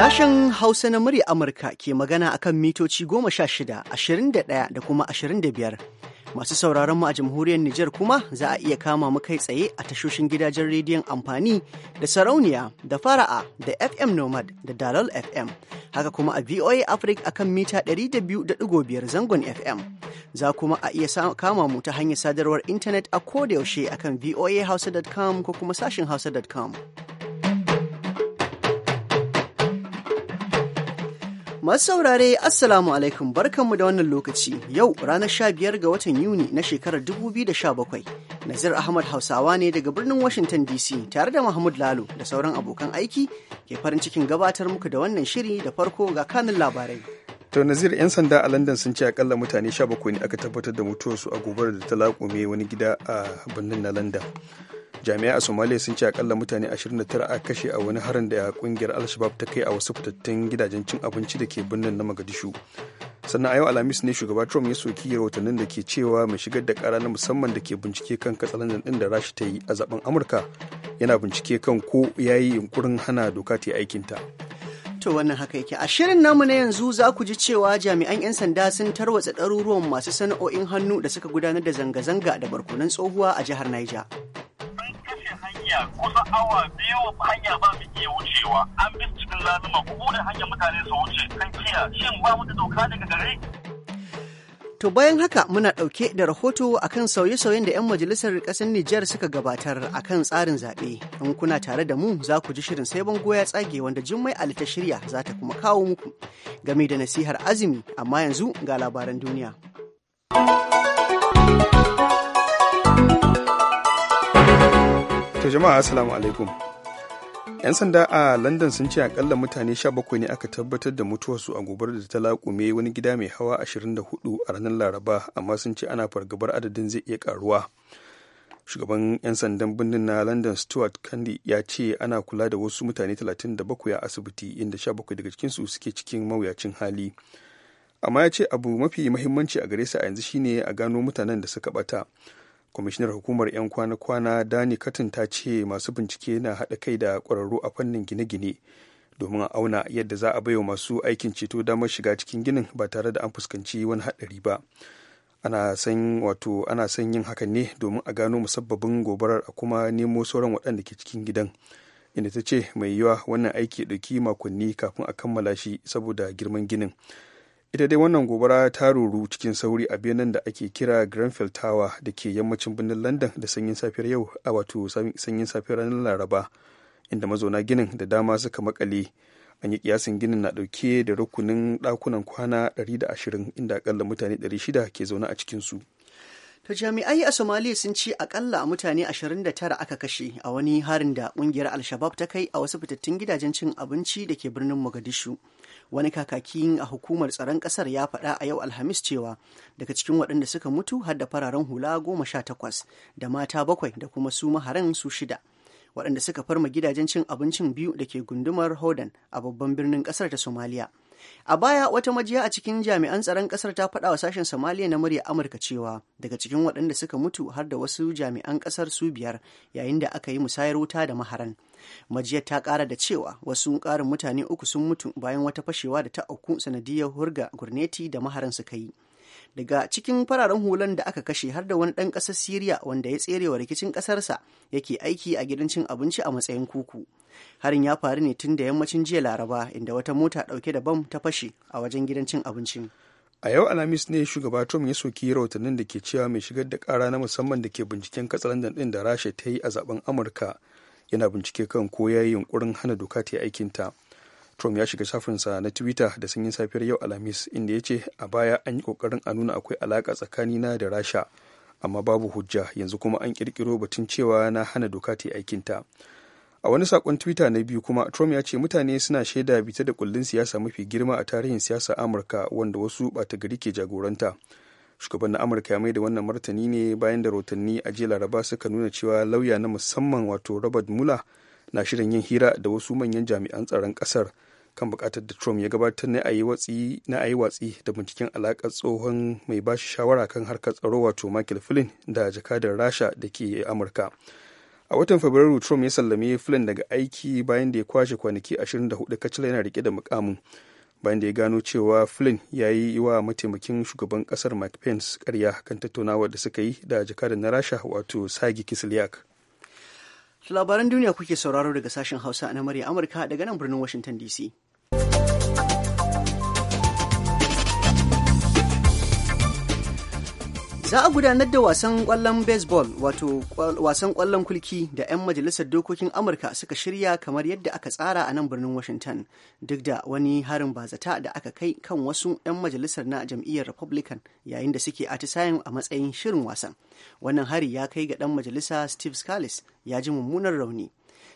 Sashen Hausa na murya Amurka ke magana akan mitoci goma sha shida, ashirin da ɗaya da kuma ashirin da biyar. Masu sauraron mu a jamhuriyar Nijar kuma za a iya kama mu kai tsaye a tashoshin gidajen rediyon amfani da sarauniya da fara'a da FM Nomad da Dalol FM. Haka kuma a VOA Africa akan mita 200.5 zangon FM. Za kuma a iya kama mu ta hanyar sadarwar intanet a kodayaushe akan voahausa.com ko kuma sashin hausa.com. Masu saurare Assalamu alaikum barkanmu da wannan lokaci yau ranar sha biyar ga watan Yuni na shekarar 2017. Nazir Ahmad Hausawa ne daga birnin Washington DC tare da Mahmud Lalo da sauran abokan aiki ke farin cikin gabatar muku da wannan shiri da farko ga kanun labarai. To Nazir 'yan sanda a London sun ce akalla mutane 17 ne aka tabbatar da mutuwarsu a gobarar da ta laƙume wani gida a birnin na London. jami'a a somalia sun ce akalla mutane 29 a kashe a wani harin da kungiyar al ta kai a wasu fitattun gidajen cin abinci da ke birnin na magadishu sannan a yau alhamis ne shugaba trump ya soki rahotannin da ke cewa mai shigar da kara na musamman da ke bincike kan katsalandan din da rashi ta yi a zaben amurka yana bincike kan ko ya yi yunkurin hana doka ta aikinta To wannan haka yake a shirin namu na yanzu za ku ji cewa jami'an 'yan sanda sun tarwatsa ɗaruruwan masu sana'o'in hannu da suka gudanar da zanga-zanga da barkunan tsohuwa a jihar Niger. hanya kusa awa biyu hanya ba mu iya wucewa an bi cikin laluma ku bude hanyar mutane su wuce kan kiya shin ba mu da doka daga gare To bayan haka muna ɗauke da rahoto akan sauye-sauyen da 'yan majalisar ƙasar Nijar suka gabatar akan tsarin zaɓe. In kuna tare da mu za ku ji shirin sai bango ya tsage wanda Jummai Ali ta shirya za ta kuma kawo muku game da nasihar azumi amma yanzu ga labaran duniya. To jama'a assalamu alaikum. 'Yan sanda a London sun ce akalla mutane 17 ne aka tabbatar da mutuwarsu a gobar da ta laƙume wani gida mai hawa 24 a ranar Laraba, amma sun ce ana fargabar adadin zai iya karuwa. Shugaban 'yan sandan birnin na London Stuart Candy ya ce ana kula da wasu mutane 37 a asibiti inda 17 daga cikinsu suke cikin mawuyacin hali. Amma ya ce abu mafi mahimmanci a gare su a yanzu shine a gano mutanen da suka bata. kwamishinar hukumar 'yan kwana-kwana dani katin ta ce masu bincike na haɗa kai da ƙwararru a fannin gine-gine domin a auna yadda za a baiwa masu aikin ceto damar shiga cikin ginin ba tare da an fuskanci wani haɗari ba ana san wato ana san yin hakan ne domin a gano musabbabin gobarar a kuma nemo sauran waɗanda ke cikin gidan inda ta ce mai yiwa wannan aiki ya ɗauki makonni kafin a kammala shi saboda girman ginin ita dai wannan gobara ta ruru cikin sauri a benin da ake kira grenfell tower da ke yammacin birnin london da sanyin safiyar yau a wato sanyin safiyar ranar laraba inda mazauna ginin da dama suka makale an yi kiyasin ginin na dauke da rukunin dakunan kwana 120 inda akalla mutane 600 ke zaune a cikinsu. su To jami'ai a somaliya sun ci akalla mutane 29 aka kashe a wani harin da kungiyar Al-Shabab ta kai a wasu fitattun gidajen cin abinci da ke birnin Mogadishu. wani kakaki a hukumar tsaron kasar ya faɗa a yau alhamis cewa daga cikin waɗanda suka mutu har da fararen hula goma sha takwas da mata bakwai da kuma su maharan su shida waɗanda suka farma gidajen cin abincin biyu da ke gundumar hodan a babban birnin ƙasar ta somaliya A baya wata majiya a cikin jami'an tsaron kasar ta faɗa wa sashen Somalia na murya Amurka cewa daga cikin waɗanda suka mutu har da wasu jami'an kasar su biyar yayin da aka yi musayar wuta da maharan. Majiyar ta ƙara da cewa wasu ƙarin mutane uku sun mutu bayan wata fashewa da ta auku sanadiyar hurga gurneti da maharan suka yi. daga cikin fararen hulan da aka kashe har da wani ɗan ƙasar siriya wanda ya tsere wa rikicin ƙasarsa yake aiki a gidan cin abinci a matsayin kuku harin ya faru ne tun da yammacin jiya laraba inda wata mota ɗauke da bam ta fashe a wajen gidan cin abincin a yau alhamis ne shugaba trump ya soki rahotannin da ke cewa mai shigar da kara na musamman da ke binciken katsalandan din da rasha ta yi a zaben amurka yana bincike kan ko ya yi yunkurin hana doka ta yi aikinta Trump ya shiga shafinsa na Twitter da sanyin safiyar yau Alhamis inda ya ce a baya an yi kokarin a nuna akwai alaka tsakanina da Rasha amma babu hujja yanzu kuma an kirkiro batun cewa na hana doka ta aikinta. A wani sakon Twitter na biyu kuma Trump ya ce mutane suna shaida bita da kullun siyasa mafi girma a tarihin siyasa Amurka wanda wasu ɓata gari ke jagoranta. Shugaban na Amurka ya mai da wannan martani ne bayan da rotanni a jiya Laraba suka nuna cewa lauya na musamman wato Robert Mueller na shirin yin hira da wasu manyan jami'an tsaron ƙasar. kan bukatar da trump ya gabatar na a yi watsi watsi da binciken alakar tsohon mai bashi shawara kan harkar tsaro wato michael flynn da jakadar rasha da ke amurka a watan fabrairu trump ya sallame flynn daga aiki bayan da ya kwashe kwanaki 24 kacila yana rike da mukamin bayan da ya gano cewa flynn ya yi wa mataimakin shugaban kasar mike pence karya kan tattaunawa da suka yi da jakadar na rasha wato sagi kislyak labaran duniya kuke sauraro daga sashen hausa na murya amurka daga nan birnin washington dc za a gudanar da wasan kwallon baseball wato wasan kwallon kulki da 'yan majalisar dokokin amurka suka shirya kamar yadda aka tsara a nan birnin washington duk da wani harin bazata da aka kai kan wasu 'yan majalisar na jam'iyyar republican yayin da suke atisayen a matsayin shirin wasan wannan hari ya kai ga dan majalisa steve scalise ya ji mummunar rauni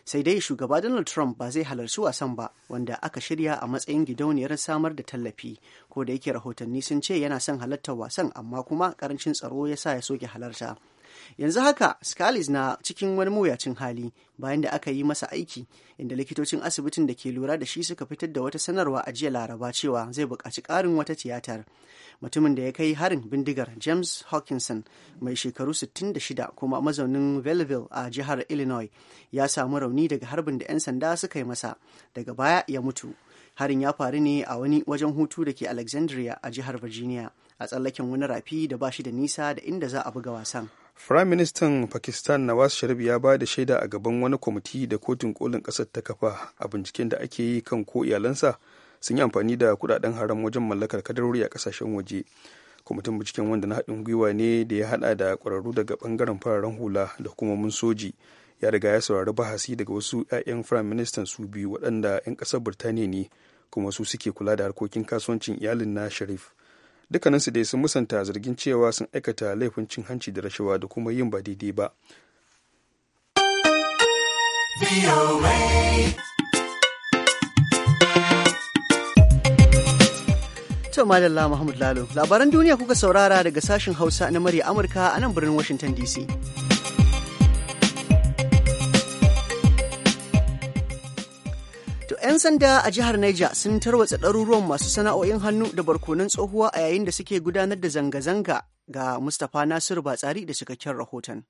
sai dai shugaba donald trump ba zai halarci wasan ba wanda aka shirya a matsayin gidauniyar samar da tallafi ko da yake rahotanni sun ce yana son halartar wasan amma kuma karancin tsaro ya sa ya soke halarta yanzu haka scalis na cikin wani mawuyacin hali bayan da aka yi masa aiki inda likitocin asibitin da ke lura da shi suka fitar da wata sanarwa a jiya laraba cewa zai buƙaci ƙarin wata tiyatar mutumin da ya kai harin bindigar james hawkinson mai shekaru 66 kuma mazaunin belleville a jihar illinois ya samu rauni daga harbin da 'yan sanda suka yi masa daga baya ya mutu harin ya faru ne a wani wajen hutu da ke alexandria a jihar virginia a tsallaken wani rafi da ba shi da nisa da inda za a buga wasan Firayim Ministan Pakistan Nawaz Sharif ya ba da shaida a gaban wani kwamiti da kotun kolin ƙasar ta kafa a binciken da ake yi kan ko iyalansa sun yi amfani da kudaden haram wajen mallakar kadarori a kasashen waje. Kwamitin binciken wanda na haɗin gwiwa ne da ya haɗa da ƙwararru daga ɓangaren fararen hula da hukumomin soji ya riga ya saurari bahasi daga wasu 'ya'yan firayim ministan su biyu waɗanda 'yan ƙasar Birtaniya ne kuma su suke kula da harkokin kasuwancin iyalin na Sharif. dukkaninsu dai sun musanta zargin cewa sun aikata laifin cin hanci da rashawa da kuma yin ba daidai ba To Madalla Muhammad Lalo, labaran duniya kuka saurara daga sashen Hausa na murya Amurka a nan birnin Washington DC. 'Yan sanda a jihar Niger sun tarwatsa ɗaruruwan masu sana'o'in hannu da barkonan tsohuwa a yayin da suke gudanar da zanga-zanga ga Mustapha Nasiru Batsari da cikakken rahoton.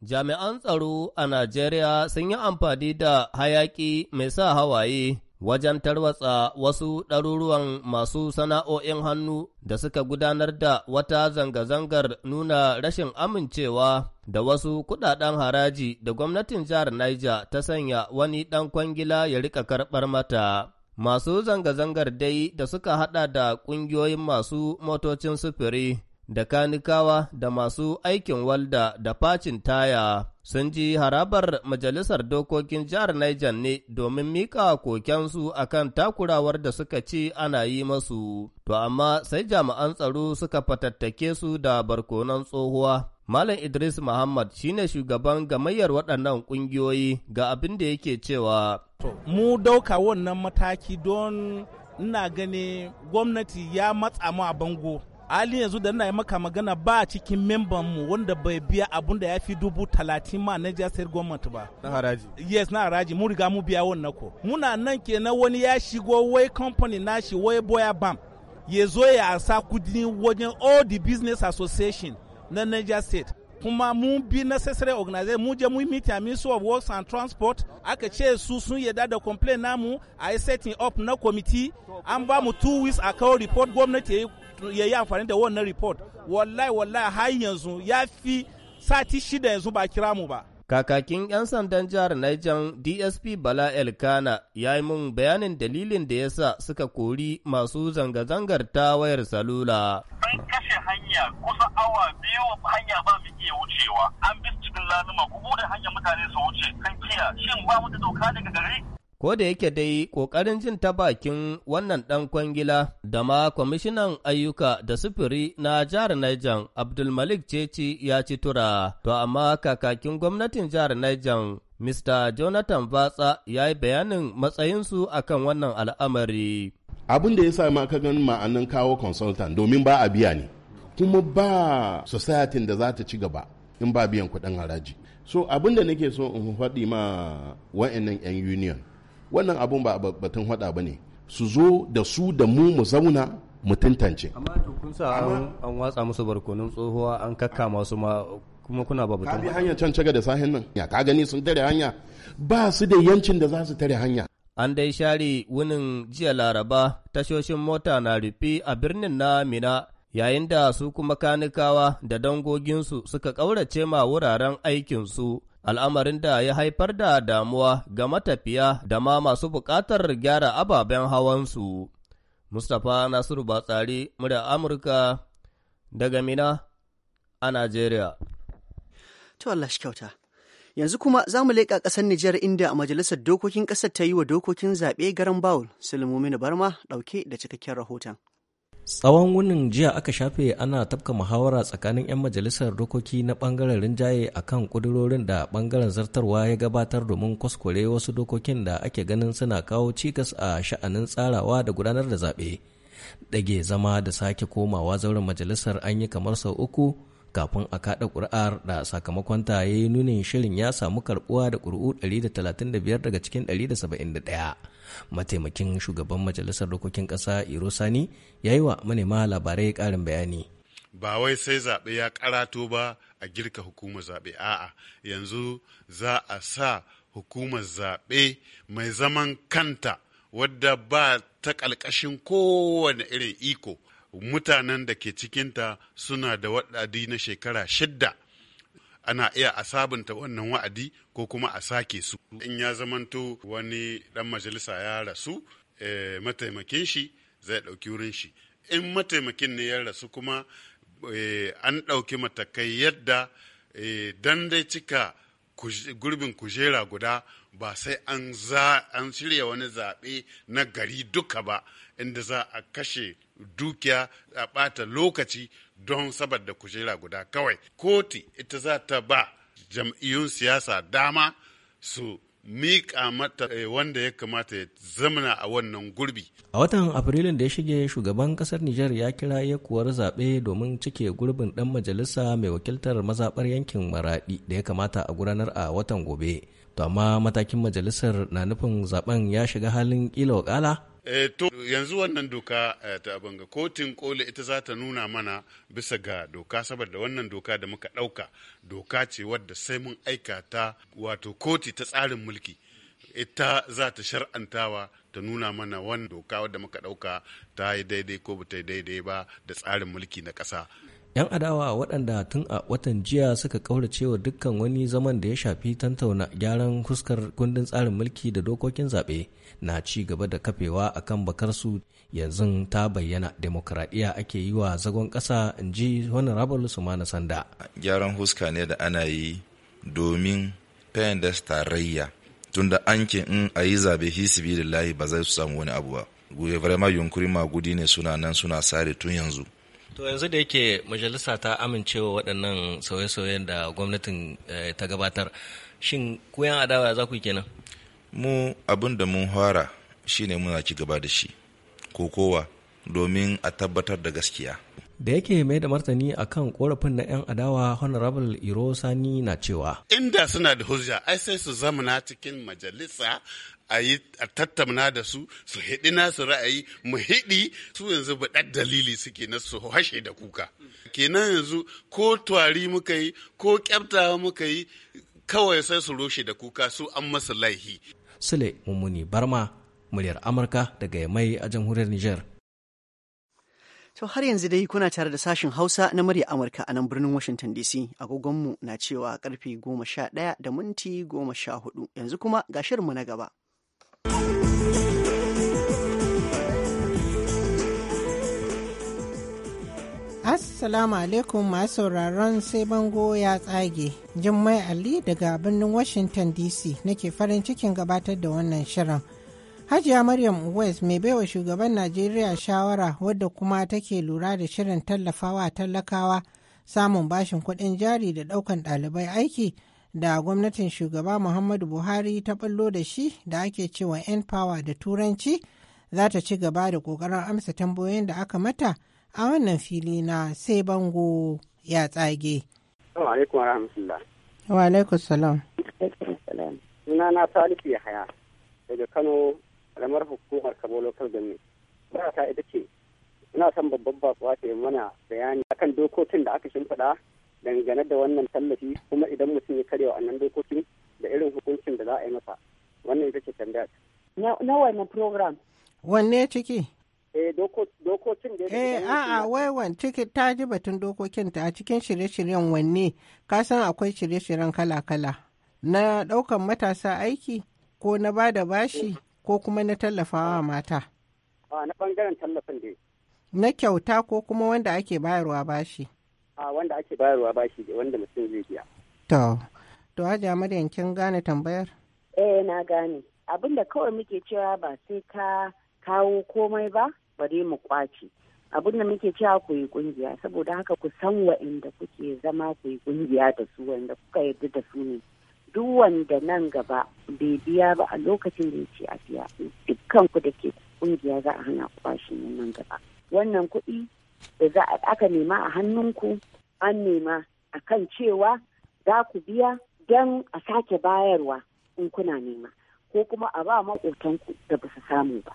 Jami'an tsaro a Najeriya sun yi amfani da hayaki mai sa hawaye wajen tarwatsa wasu ɗaruruwan masu sana'o'in hannu da suka gudanar da wata zanga-zangar nuna rashin amincewa da wasu kudaden haraji da gwamnatin jihar Niger ta sanya wani ɗan kwangila ya rika karɓar mata. Masu zanga-zangar dai da suka haɗa da ƙungiyoyin masu motocin sufuri. da kanikawa da masu aikin walda da facin taya sun ji harabar majalisar dokokin jihar Niger ne domin mika kokensu akan takurawar da suka ci ana yi masu. To amma sai jami'an tsaro suka fatattake su da barkonan tsohuwa. Malam Idris Muhammad shine shugaban gamayyar waɗannan ƙungiyoyi ga abin da yake cewa. Mu dauka wannan mataki don ina gane gwamnati ya matsa mu a bango. Ali yanzu da na yi maka magana ba cikin memban mu wanda bai biya abun da ya fi dubu talatin ma na jasar gwamnati ba na haraji yes na haraji mun riga mu biya wannan ko muna nan kenan wani ya shigo wai company nashi wai boya bam ya zo ya asa kudin wajen all the business association na niger state kuma mun bi necessary organize mun je mun meet a ministry of works and transport aka ce su sun yadda da complain namu a yi setting up na committee an ba mu two weeks a kawo report gwamnati ya yi amfani da wannan report wallahi wallahi har yanzu ya fi sati shida yanzu ba kira mu ba Kakakin 'yan sandan jihar Niger DSP Bala Elkana ya yi mun bayanin dalilin da ya sa suka kori masu zanga-zangar ta wayar salula. hanya kusa awa biyu hanya ba mu iya wucewa an bi cikin lanuma ku bude hanya mutane su wuce kan kiya shin ba mu da doka daga gari Ko da yake dai ƙoƙarin jin ta bakin wannan ɗan kwangila da ma kwamishinan ayyuka da sufuri na jihar Niger Abdulmalik Ceci ya ci tura, to amma kakakin gwamnatin jihar Niger Mr. Jonathan Batsa ya yi bayanin matsayinsu akan wannan al'amari. Abin da ya sa ma ka gan ma'anin kawo consultant domin ba a biya ne. kuma ba society da za ta ci gaba in ba biyan kuɗin haraji so abin da nake so in faɗi ma wa'annan 'yan union wannan abun ba batun haɗa ba ne su zo da su da mu mu zauna mu tantance amma to kun sa an watsa musu barkonon tsohuwa an kakka masu ma kuma kuna ba batun hanya can caga da sahin nan ya ka gani sun tare hanya ba su da yancin da za su tare hanya an dai share wunin jiya laraba tashoshin mota na rufe a birnin na mina yayin da su kuma kanikawa da dangoginsu suka ƙaurace ma wuraren aikinsu, al'amarin da ya haifar da damuwa ga matafiya da ma masu buƙatar gyara ababen hawansu. Mustapha Nasiru Batsari, murya Amurka, daga Mina a Najeriya. To Allah shi kyauta. yanzu kuma za mu leƙa ƙasar Nijar inda a majalisar dokokin ƙasar ta yi wa dokokin zaɓe garan Bawul, Sulmuminu Barma ɗauke da cikakken rahoton. Tsawon wunin jiya aka shafe ana tafka muhawara tsakanin 'yan majalisar dokoki na bangaren rinjaye a kan kudurorin da bangaren zartarwa ya gabatar domin kwaskware wasu dokokin da ake ganin suna kawo cikas a sha'anin tsarawa da gudanar da zaɓe. Dage zama da sake komawa zauren majalisar an yi kamar sau uku kafin a kaɗa ƙuri'ar da sakamakonta ya yi nunin shirin ya samu karɓuwa da ƙuri'u 135 daga cikin 171 mataimakin shugaban majalisar dokokin ƙasa iro sani ya yi wa manema labarai ƙarin bayani ba wai sai zaɓe ya ƙarato ba a girka hukumar zaɓe a'a yanzu za a sa hukumar zaɓe mai zaman kanta wadda ba ta ƙalƙashin kowane irin iko mutanen da ke cikinta suna da wa'adi na shekara shidda ana iya a sabunta wannan wa'adi ko kuma a sake su in ya zamanto wani dan majalisa ya rasu eh, mataimakin shi zai ɗauki wurin shi in mataimakin ne ya rasu kuma eh, an ɗauki matakai yadda e, dan dai cika gurbin kujera guda ba sai an shirya wani zaɓe na gari duka ba inda za a kashe dukiya a ɓata lokaci don saboda kujera guda kawai koti ita za ta ba jam'iyyun siyasa dama su miƙa mata eh, wanda ya kamata ya zamana a wannan gurbi. A watan Afrilun da ya shige shugaban ƙasar Nijar ya kira yakuwar zaɓe domin cike gurbin ɗan majalisa mai wakiltar mazaɓar yankin Maraɗi da ya kamata a gudanar a watan gobe. To amma matakin majalisar na nufin zaɓen ya shiga halin ƙila wakala? Eh, to yanzu wannan doka eh, ta banga kotun koli ita za ta nuna mana bisa ga doka saboda wannan doka da muka ɗauka doka ce wadda sai mun aika ta wato koti ta tsarin mulki ita za ta shar'antawa ta nuna mana wannan doka wadda muka ɗauka ta yi daidai ko ba ta yi daidai ba da tsarin mulki na ƙasa. 'yan adawa waɗanda tun a watan jiya suka kauracewa dukkan wani zaman da ya shafi tantauna gyaran fuskar kundin tsarin mulki da dokokin zaɓe na ci gaba da kafewa a kan bakarsu yanzu ta bayyana demokradiyya ake yi wa zagon ƙasa in ji wani rabar sumana sanda gyaran huska ne da ana yi domin pendas tarayya tunda an ke in a yi zaɓe hisibi lahi ba zai su samu wani abu ba guye vraiment yunkurin magudi ne suna nan suna sare tun yanzu To yanzu da yake majalisa ta amincewa waɗannan sauye-sauyen da gwamnatin eh, ta gabatar, shin kuyan adawa za ku kenan? Mu abin da mun fara shine muna ci gaba da shi, ko kowa domin a tabbatar da gaskiya. da yake mai da martani a kan korafin na 'yan adawa honorable iro sani na cewa inda suna da hujja ai sai su zamana cikin majalisa a yi a tattauna da su su hidi nasu ra'ayi mu hidi su yanzu baɗar dalili suke na su hashe da kuka kenan yanzu ko twari muka yi ko kyabta muka yi kawai sai su roshe da kuka su an masa laihi sule mummuni barma muryar amurka daga mai a jamhuriyar Nijar. To har yanzu dai kuna tare da sashin Hausa na murya Amurka a nan birnin Washington DC. Agogonmu na cewa karfe goma sha ɗaya da minti goma sha hudu. Yanzu kuma ga shirinmu na gaba. Assalamu alaikum masu sauraron sai bango ya tsage. Jummai Ali daga birnin Washington DC nake farin cikin gabatar da wannan shirin. Hajiya Maryam West mai baiwa shugaban Najeriya shawara wadda kuma take lura da shirin tallafawa talakawa samun bashin kuɗin jari da ɗaukan ɗalibai aiki da gwamnatin shugaba Muhammadu Buhari ta ballo da shi da ake cewa ‘yan power da turanci za ta ci gaba da ƙoƙarin amsa tambayoyin da aka mata a wannan fili na sai bango ya tsage. salam. na Salisu ya haya daga Kano alamar hukumar Kabo Local Ba ta ita ce, ina son babban bakuwa ta mana bayani akan dokokin da aka shimfiɗa dangane da wannan tallafi kuma idan mutum ya karya annan dokokin da irin hukuncin da za a yi masa wannan ita ce tambaya na wannan program wanne ciki eh dokokin da eh a'a wai wan ciki ta ji batun dokokin ta a cikin shirye-shiryen wanne ka san akwai shirye-shiryen kala-kala na ɗaukan matasa aiki ko na ba da bashi ko kuma na tallafawa mata a na ɓangaren tallafin dai na kyauta ko kuma wanda ake bayarwa bashi a wanda ake bayarwa bashi wanda mutum zai biya to to maryam kin gane tambayar eh na gane abin da kawai muke cewa ba sai ka kawo komai ba bari mu kwace abin da muke cewa ku yi kungiya saboda haka ku san wa'inda kuke zama ku yi kungiya da su wanda kuka yarda da su ne duk wanda nan gaba bai biya ba a lokacin da ya ce a biya dukkan ku da ke kungiya za a hana kwashin nan gaba wannan kuɗi da za a aka nema a hannunku an nema a kan cewa za ku biya don a sake bayarwa in kuna nema ko kuma a ba maƙotanku da ba su samu ba.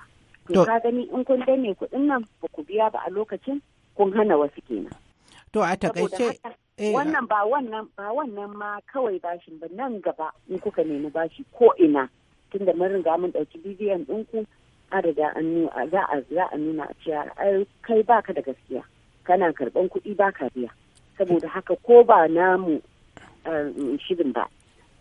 To ka gani in kun danne kuɗin nan ba ku biya ba a lokacin kun hana wasu kenan. To a takaice eh, wannan ba wannan ba wannan ma kawai bashin ba nan gaba in kuka nemi bashi ko ina tunda mun riga mun ɗauki bidiyon ɗinku an riga an za a za a nuna cewa ai kai baka da gaskiya kana karban kuɗi baka biya saboda haka ko ba namu um, shirin ba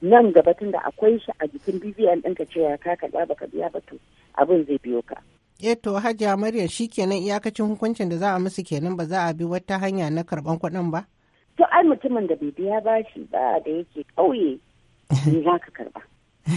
nan gaba tunda akwai shi a jikin bibiyan ɗinka cewa ka kaɗa baka biya ba to abin zai biyo ka. Eto eh Hajiya Maryam shi kenan iyakacin hukuncin da za a musu kenan ba za a bi wata hanya na karɓan kuɗin ba? To ai mutumin da bai biya ba shi ba da yake ƙauye ne za ka karɓa.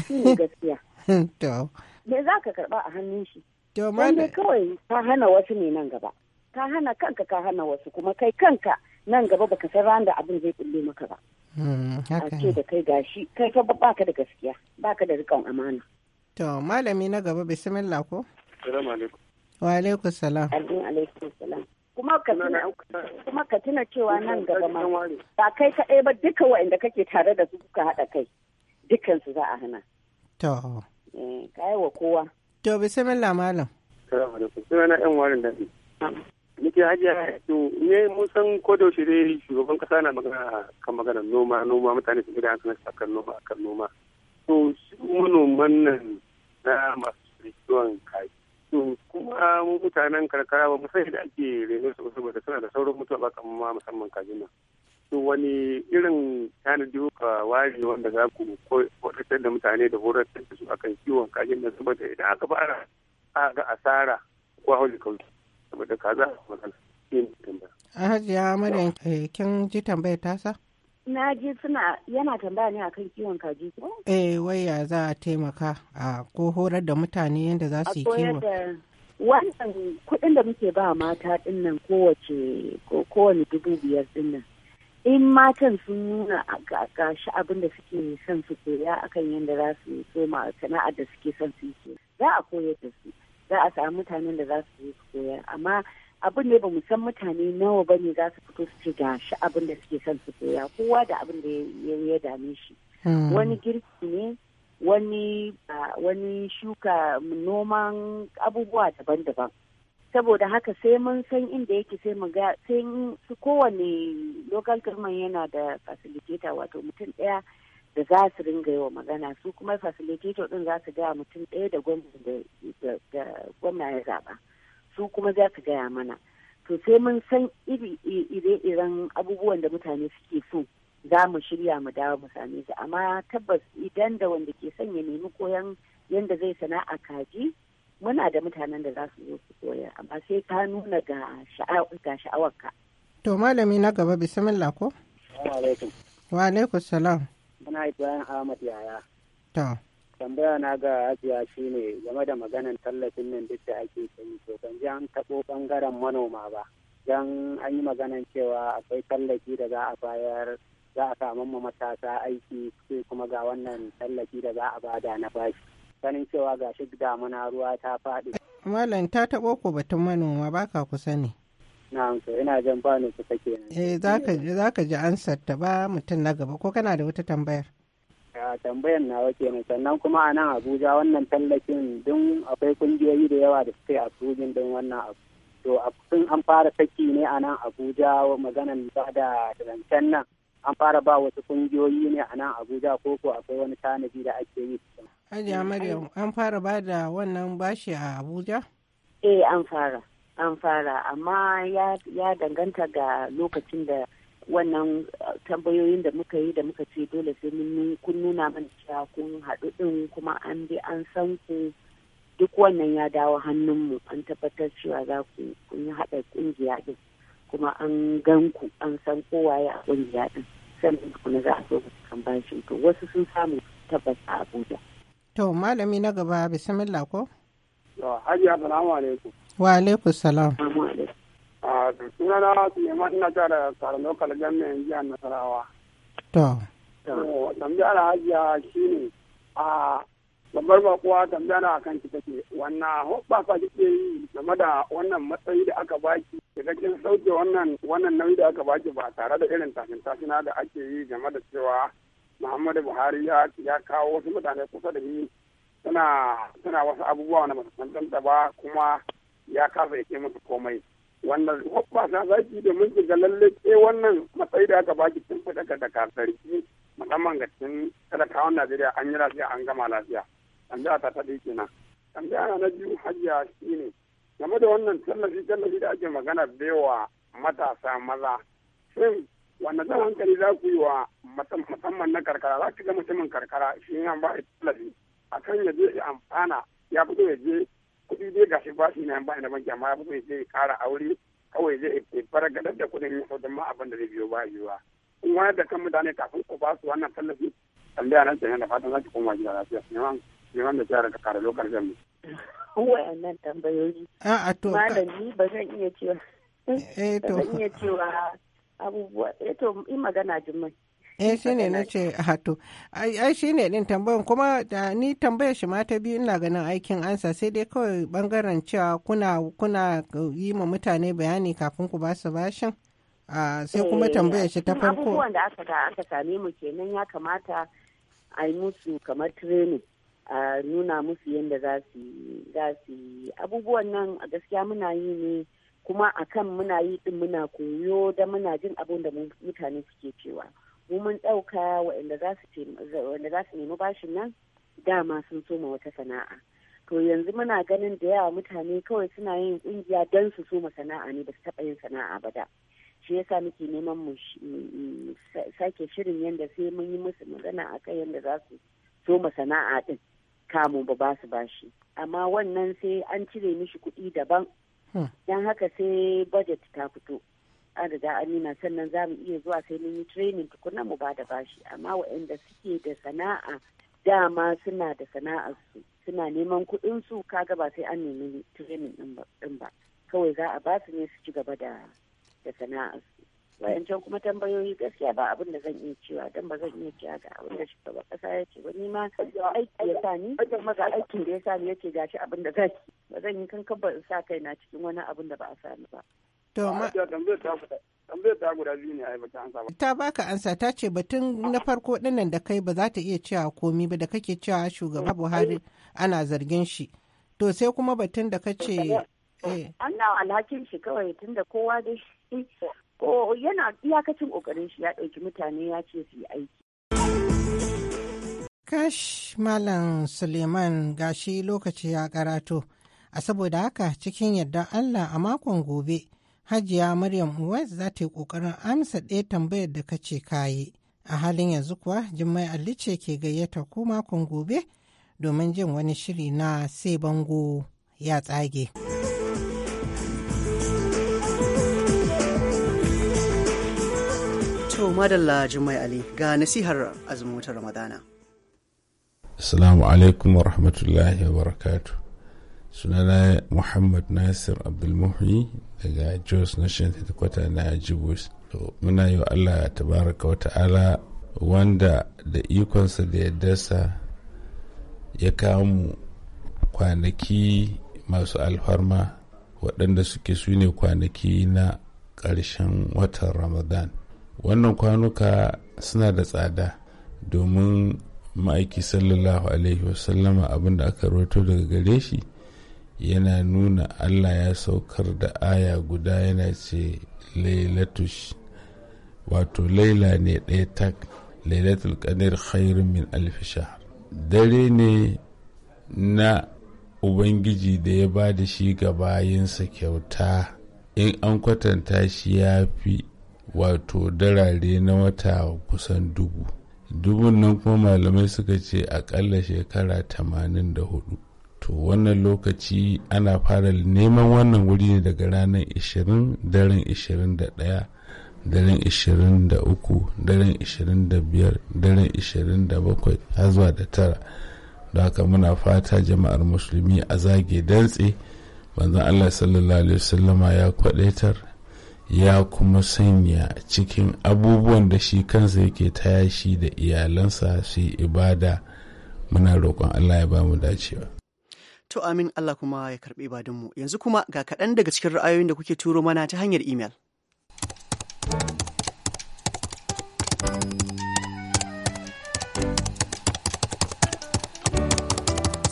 Shi ne gaskiya. me za ka karba a hannun shi dan dai kawai ka hana wasu ne nan gaba ka hana kanka ka hana wasu kuma kai kanka nan gaba baka san ran da abin zai kulle maka ba hmm, a ce da kai gashi kai fa baka da gaskiya baka da rikon amana to malami na gaba bismillah ko assalamu alaikum wa alaikum salam alaikum salam kuma ka tuna cewa nan gaba ma ba kai kaɗai ba duka wa'inda kake tare da su kuka haɗa kai dukansu za a hana. To. Eh, kaya wa kowa. To bismillah malam. Salamu alaikum. Sunana yan warin daɗi. Nake hajiya to ne mun san ko da dai shugaban kasa na magana kan maganar noma noma mutane su gida hankali akan noma akan noma. To su manoman nan na masu kiwon kaji. To kuma mu mutanen karkara ba mu san da ake reno su saboda suna da sauran mutuwa ba kamar musamman kajin nan. to wani irin tanadi ka ware wanda za ku kwatantar da mutane da horar da su a kan kiwon kajin da saboda idan aka fara a ga asara ko hauli kauki saboda ka za su matsala shi tambaya. Hajiya Maryam eh, kin ji tambayar sa. na ji suna yana tambaya ne akan kiwon kaji ko? Eh waya za a taimaka a ko horar da mutane yadda za su yi kiwon. Wannan kuɗin da muke ba mata dinnan kowace kowane dubu biyar dinnan in matan sun nuna ga shi abin da suke son su koya akan yadda za su koma sana'ar da suke son su yi za a koyar da su za a samu mutanen da za su yi su koya amma abin ne ba san mutane nawa ba ne za su fito su ce ga shi abin da suke son su koya kowa da abin da ya dame shi hmm. wani girki ne ah, wani shuka noman abubuwa daban-daban saboda haka sai mun san inda yake sai mu ga sai su kowane local government yana da facilitator wato mutum daya da za su ringa yi wa magana su kuma facilitator din za su gaya mutum daya da gwamna ya zaɓa su kuma za su gaya mana to sai mun san ire-iren abubuwan da mutane suke so za mu shirya mu dawo mu same su amma tabbas idan da wanda ke son ya nemi koyon yanda zai sana'a kaji muna da mutanen da za su zo su koya amma sai ka nuna ga sha'awarka. To malami na gaba bismillah ko? Wa alaikum salam. Muna bayan Ahmad Yaya. To. Tambaya na ga Asiya shine game da maganan tallafin nan duk da ake yi to ban ji an taɓo ɓangaren manoma ba. Dan an yi maganan cewa akwai tallafi da za a bayar za a samu matasa aiki sai kuma ga wannan tallafi da za a bada na bashi. Sanin cewa ga shi damuna ruwa ta faɗi. Malam ta taɓo ko batun manoma ba ka kusa ne. Na so ina jan ba ni kusa kenan. Eh za ka ji ansar ta ba mutum na gaba ko kana da wata tambayar. tambayar na nawa kenan sannan kuma a nan abuja wannan tallafin don akwai kungiyoyi da yawa da suke a asibin don wannan abu to sun an fara saki ne a nan abuja maganan ba da rancen nan an fara ba wasu kungiyoyi ne a nan abuja ko ko akwai wani tanadi da ake yi hajiya an fara ba da wannan bashi a abuja eh an fara an fara amma ya danganta ga lokacin da wannan uh, tambayoyin da muka yi da muka ce dole sai mun kun nuna mana cewa kun haɗu ɗin kuma an bi an san ku duk wannan ya dawo hannunmu an tabbatar cewa za ku yi haɗa ƙungiya ɗin kuma an gan ku an san kowa ya kungiya din sannan kuma za a so ku kan bashin to wasu sun samu tabbas a Abuja. To malami na gaba bismillah ko? To hajiya salamu alaikum. Wa alaikum salam. A to suna na Suleiman ina tara da tsarin lokal jami'an jihar Nasarawa. To. To tambaya shi ne a babbar bakuwa tambaya akan ki take wannan fa kike yi game da wannan matsayi da aka baki da kin sauke wannan wannan nauyi da aka baki ba tare da irin tafin tafina da ake yi game da cewa Muhammadu Buhari ya kawo wasu mutane kusa da ni tana tana wasu abubuwa wanda masu tantanta ba kuma ya kasa ya ke musu komai wannan hoɓɓasa zaki da mun ga lalle ke wannan matsayi da aka baki tun daga da kasarki musamman ga cikin talakawan Najeriya an yi lafiya an gama lafiya. tambaya ta taɗe ɗaya kenan tambaya na biyu hajiya shine game da wannan tallafi tallafi da ake magana baiwa matasa maza shin wanda zan hankali za ku yi wa musamman na karkara za ki ga mutumin karkara shi yan ba tallafi a kan ya je ya amfana ya fito ya je kuɗi dai shi ba shi na yan ba da banki amma ya fito ya je ya ƙara aure kawai zai ya gadar da kuɗin ya sautin ma abin da zai biyo ba yiwa kun wayar da kan mutane kafin ku ba su wannan tallafi tambaya nan kenan da fatan za ki koma gida lafiya. liman da jihar lokar jami. Wayannan tambayoyi. A'a ah, ah, to. Malami ba zan iya cewa. Hmm? Eh to. Ba zan iya cewa abubuwa. Eh to in magana jimai. eh shi ne na ce hato ah, ai shi ne din tambayan kuma da ni tambayar shi mata biyu ina ganin aikin ansa sai dai kawai bangaren cewa kuna kuna yi ma mutane bayani kafin ku ba su bashin sai kuma eh, tambayar shi ta farko abubuwan da da aka same mu kenan ya kamata a yi musu kamar training a nuna musu yadda za su yi abubuwan nan a gaskiya muna yi ne kuma akan muna yi din muna koyo da muna jin abin da mutane suke cewa mu mun ɗauka waɗanda za su nemi bashin nan dama sun soma wata sana'a to yanzu muna ganin da yawa mutane kawai suna yin ƙungiya don su soma sana'a ne ba su taɓa yin sana'a ba da shi yasa muke neman mu sake shirin yadda sai mun yi musu magana akan yadda za su soma sana'a din kamu ba ba su bashi amma wannan sai an cire mishi kuɗi daban hmm. don haka sai budget ta fito an riga amina sannan za mu iya zuwa sai mun yi training tukuna mu ba da bashi amma waɗanda suke da sana'a dama suna da sana'a su suna neman kuɗin su kaga ba sai an nemi training ɗin ba kawai za a ba su ne su ci gaba da sana'a su wayancan kuma tambayoyi gaskiya ba abin da zan iya cewa don ba zan iya cewa ga abin da shugaban kasa ya ce ba ni ma aiki ya sa ni kuma da ya sa ni gashi abin da zaki ba zan yi kan kabbar in sa cikin wani abin da ba a sani ba. To ma tambayar ta guda biyu ne ai baka ansa ba. Ta baka ansa ta ce batun na farko dinnan da kai ba za ta iya cewa komi ba da kake cewa shugaba Buhari ana zargin shi. To sai kuma batun da kace. Ana eh. alhakin shi kawai tunda kowa da shi. ko yana iyakacin kokarin shi ya ɗauki mutane ya ce su yi aiki. Kash Malam Suleiman gashi lokaci ya karato, a saboda haka cikin yadda Allah a makon gobe, Hajiya Maryam Uwais za ta yi ƙoƙarin amsa ɗaya tambayar da kace kayi. A halin yanzu kuwa Jummai Ali ce ke gayyata ko makon gobe domin jin wani shiri na sai bango ya tsage. To madalla Jummai Ali ga nasihar azumin watan Ramadana. Assalamu alaikum wa rahmatullahi wa barakatu. Sunana Muhammad Nasir Abdulmuhi daga Jos Nation Headquarter na Jibus. muna yi wa Allah tabaraka wa ta'ala wanda da ikonsa da ya dasa ya kamu kwanaki masu alfarma waɗanda suke su ne kwanaki na ƙarshen watan Ramadan. wannan kwanuka suna da tsada domin ma'aiki sallallahu alaihi wasallama abinda aka roto daga gare shi yana nuna allah ya saukar da aya guda yana ce lailatush wato laila ne ɗaya tak lailatul qadr khairun min dare ne na ubangiji da ya ba da shi ga bayansa kyauta in an kwatanta shi ya fi wato darare na wata kusan dubu dubun nan kuma malamai suka ce akalla shekara 84 to wannan lokaci ana fara neman wannan wuri ne daga ranar 20 daren 21 daren 23 daren 25 daren 27 har zuwa da tara da haka muna fata jama'ar musulmi a zage dantse banzan allah sallallahu alaihi wasallama ya kwadaitar ya kuma sanya cikin abubuwan da shi kansa yake taya shi da iyalansa su yi ibada muna roƙon Allah ya ba mu dacewa. To amin Allah kuma ya karɓi ibadunmu yanzu kuma ga kaɗan daga cikin ra'ayoyin da kuke turo mana ta hanyar imel.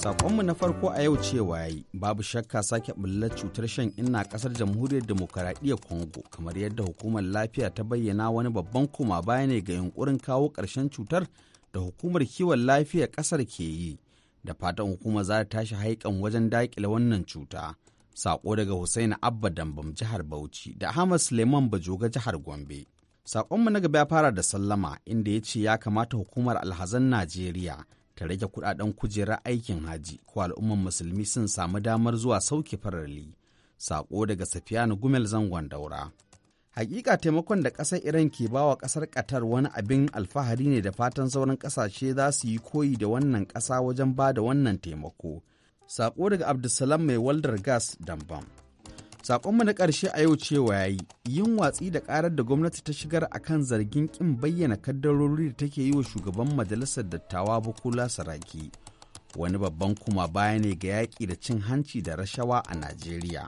Sakonmu na farko a yau cewa yi babu shakka sake bullar cutar shan inna kasar jamhuriyar demokaradiyyar Congo kamar yadda hukumar lafiya ta bayyana wani babban koma baya ne ga yunkurin kawo ƙarshen cutar da hukumar kiwon lafiya ƙasar ke yi da fatan hukumar za ta tashi haikan wajen daƙile wannan cuta. Sako daga Hussaini Abba Dambam jihar Bauchi da Ahmad Suleiman Bajoga jihar Gombe. Sakonmu na gaba ya fara da sallama inda ya ce ya kamata hukumar alhazan Najeriya ta rage kudaden kujerar aikin haji ko al'umman musulmi sun samu damar zuwa sauke farali sako daga safiyanu gumel zangon daura hakika taimakon da kasar iran ke bawa kasar qatar wani abin alfahari ne da fatan sauran kasashe za su yi koyi da wannan kasa wajen ba da wannan taimako sako daga abdulsalam mai waldar gas dambam Sakonmu na ƙarshe a yau cewa ya yi yin watsi da ƙarar da gwamnati ta shigar a kan zargin ƙin bayyana kaddarori da take yi wa shugaban majalisar dattawa Bukola Saraki. Wani babban kuma baya ne ga yaƙi da cin hanci da rashawa a Najeriya.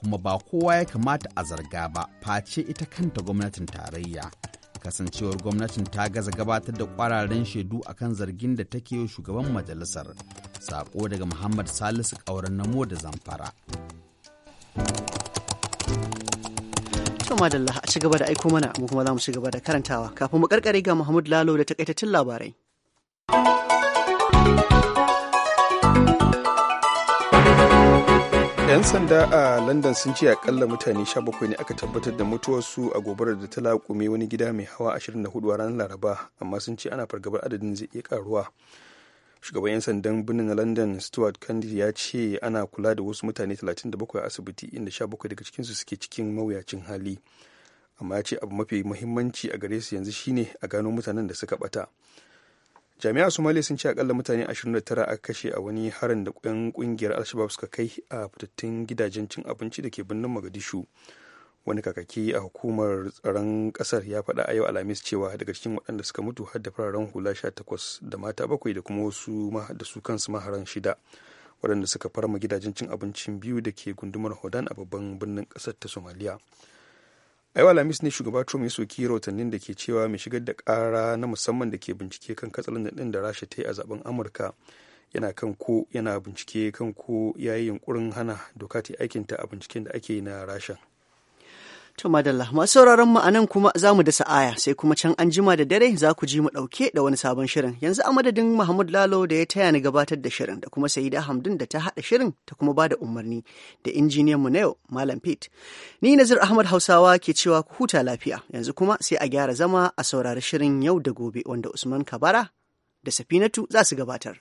Kuma ba kowa ya kamata a zarga ba, face ita kanta gwamnatin tarayya. Kasancewar gwamnatin ta gaza gabatar da ƙwararren shaidu a kan zargin da take yi shugaban majalisar. Sako daga Muhammad Salisu ƙauren namo da zamfara. To madalla a ci gaba da aiko mana mu kuma za mu ci gaba da karantawa kafin mu karkare ga Muhammad Lalo da takaitaccen labarai. yan sanda a london sun ce akalla mutane 17 ne aka tabbatar da mutuwarsu a gobarar da ta laƙume wani gida mai hawa 24 a ranar laraba amma sun ce ana fargabar adadin zai iya karuwa shugaban 'yan sandan birnin london stuart candy ya ce ana kula da wasu mutane 37 a asibiti inda 17 daga cikinsu suke cikin mawuyacin hali amma ya ce abu mafi muhimmanci a gare su yanzu shine a gano mutanen da suka bata jami'a somalia sun ce akalla mutane 29 aka kashe a wani harin da 'yan kungiyar alshabab suka kai a fitattun gidajen cin abinci da ke birnin magadishu wani kakaki a hukumar tsaron kasar ya faɗa a yau alhamis cewa daga cikin waɗanda suka mutu har da fararen hula 18 da mata bakwai da kuma wasu da su kansu maharan shida waɗanda suka farma gidajen cin abincin biyu da ke gundumar hodan a babban birnin kasar ta somaliya a yau alhamis ne shugaba trump ya soki rahotannin da ke cewa mai shigar da ƙara na musamman da ke bincike kan katsalan ɗin da rasha ta yi a zaben amurka yana kan ko yana bincike kan ko ya yi yunkurin hana doka ta aikinta a binciken da ake yi na rasha To madalla masu sauraron mu anan kuma za mu dasa aya, sai kuma can an jima da dare za ku ji mu ɗauke da wani sabon shirin yanzu a madadin Mahmud Lalo da ya taya ni gabatar da shirin da kuma Saida Hamdun da ta haɗa shirin ta kuma ba da umarni da injiniyan mu na yau Malam Pete. Ni Nazir Ahmad Hausawa ke cewa ku huta lafiya yanzu kuma sai a gyara zama a saurari shirin yau da gobe wanda Usman Kabara da Safinatu za su gabatar.